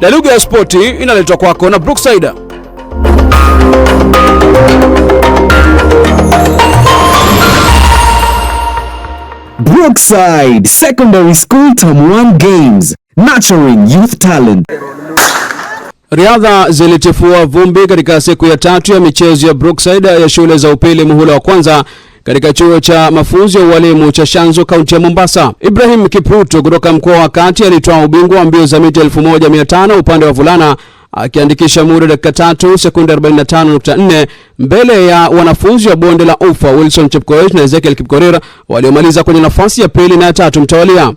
La Lugha ya Spoti inaletwa kwako na Brookside. Brookside Secondary School Term 1 Games nurturing youth talent. Riadha zilitifua vumbi katika siku ya tatu ya michezo ya Brookside ya shule za upili muhula wa kwanza katika chuo cha mafunzo ya ualimu cha Shanzu kaunti ya Mombasa. Ibrahim Kipruto kutoka mkoa wa Kati alitoa ubingwa wa mbio za mita 1500 upande wa vulana akiandikisha muda dakika tatu sekunde 45.4 mbele ya wanafunzi wa bonde la ufa Wilson Chepkoech na Ezekiel Kipkorir waliomaliza kwenye nafasi ya pili na ya tatu mtawalia.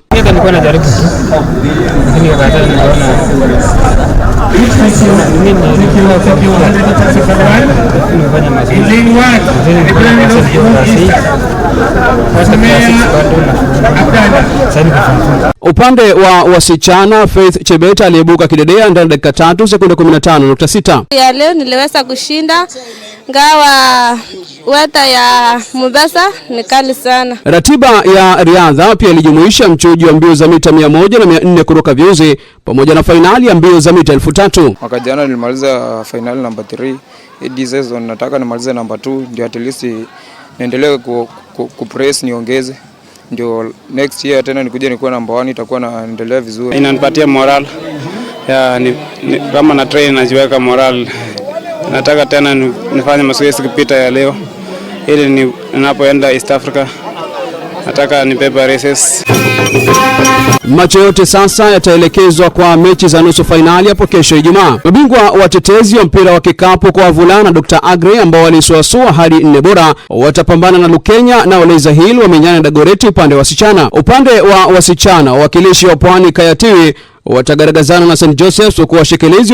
Upande wa wasichana Faith Chebeta aliibuka kidedea ndani ya dakika 3 sekunde 15.6. Ya leo niliweza kushinda ngawa weta ya Mombasa ni kali sana. Ratiba ya riadha pia ilijumuisha mchujo wa mbio za mita 100 na 400 kuruka viuzi pamoja na fainali ya mbio za mita 3000. Mwaka jana nilimaliza fainali namba 3 hii season nataka nimalize namba 2 ndio at least niendelee ku, ku, ku press niongeze ndio next year tena nikuja nikuwa namba 1 itakuwa naendelea vizuri. Inanipatia moral ya ni, ni, kama na train najiweka moral. Nataka tena nifanye mazoezi kupita ya leo ili ninapoenda East Africa nataka nipepe races. Macho yote sasa yataelekezwa kwa mechi za nusu fainali hapo kesho Ijumaa. Mabingwa watetezi wa mpira wa kikapu kwa wavulana Dr. Agre ambao walisuasua hadi nne bora watapambana na Lukenya na Oleza Hill wamenyana Dagoreti upande wa wasichana. Upande wa wasichana wawakilishi wa pwani Kayatiwi watagaragazana na St Josephs huku wa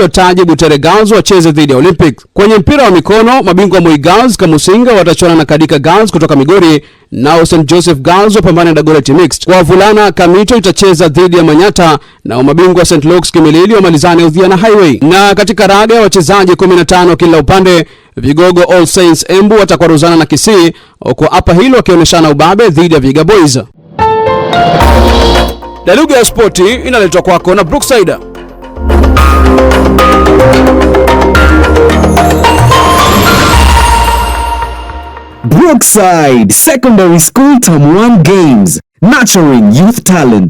wataji Butere Girls wacheze dhidi ya Olympics. Kwenye mpira wa mikono, mabingwa Moi Girls Kamusinga watachuana na Kadika Girls kutoka Migori, nao St Joseph Girls wapambane na Dagoretti Mixed. Kwa wavulana, Kamito itacheza dhidi ya Manyata, nao mabingwa St Luke's Kimilili wamalizane Udhiana Highway. Na katika raga, ya wachezaji 15 kila upande Vigogo All Saints Embu watakwaruzana na Kisii, huku hapa hilo wakionyeshana ubabe dhidi ya Viga Boys. Daluga ya Spoti inaletwa kwako na Brookside. Brookside Secondary School tom 1 Games nurturing youth talent.